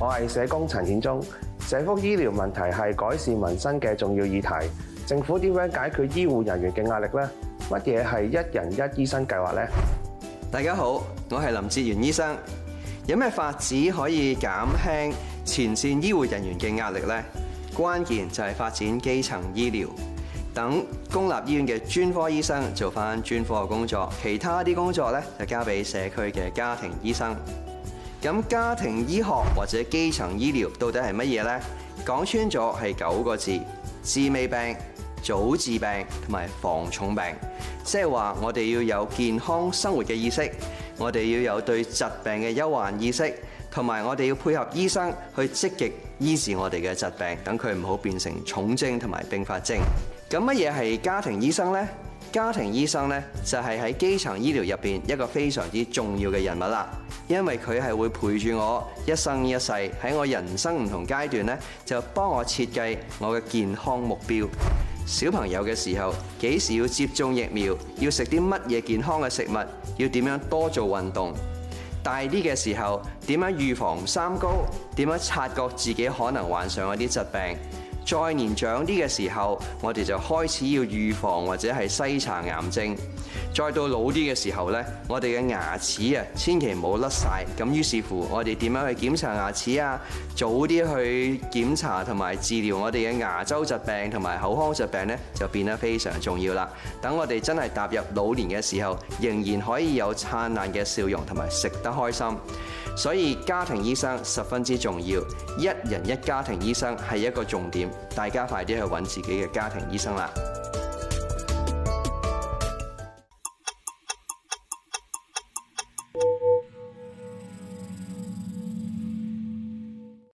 我係社工陳洐宗，社福醫療問題係改善民生嘅重要議題。政府點樣解決醫護人員嘅壓力呢？乜嘢係一人一醫生計劃呢？大家好，我係林哲玄醫生。有咩法子可以減輕前線醫護人員嘅壓力呢？關鍵就係發展基層醫療，等公立醫院嘅專科醫生做翻專科嘅工作，其他啲工作咧就交俾社區嘅家庭醫生。咁家庭醫學或者基層醫療到底係乜嘢咧講穿咗係九個字：治未病、早治病同埋防重病。即係話我哋要有健康生活嘅意識，我哋要有對疾病嘅憂患意識，同埋我哋要配合醫生去積極醫治我哋嘅疾病，等佢唔好變成重症同埋併發症。咁乜嘢係家庭醫生咧？家庭醫生咧就係喺基層醫療入邊一個非常之重要嘅人物啦，因為佢係會陪住我一生一世，喺我人生唔同階段咧就幫我設計我嘅健康目標。小朋友嘅時候幾時要接種疫苗，要食啲乜嘢健康嘅食物，要點樣多做運動；大啲嘅時候點樣預防三高，點樣察覺自己可能患上一啲疾病。再年長啲嘅時候，我哋就開始要預防或者係篩查癌症。再到老啲嘅時候咧，我哋嘅牙齒啊，千祈唔好甩曬。咁於是乎，我哋點樣去檢查牙齒啊？早啲去檢查同埋治療我哋嘅牙周疾病同埋口腔疾病咧，就變得非常重要啦。等我哋真係踏入老年嘅時候，仍然可以有燦爛嘅笑容同埋食得開心。所以家庭醫生十分之重要，一人一家庭醫生係一個重點。大家快啲去揾自己嘅家庭醫生啦！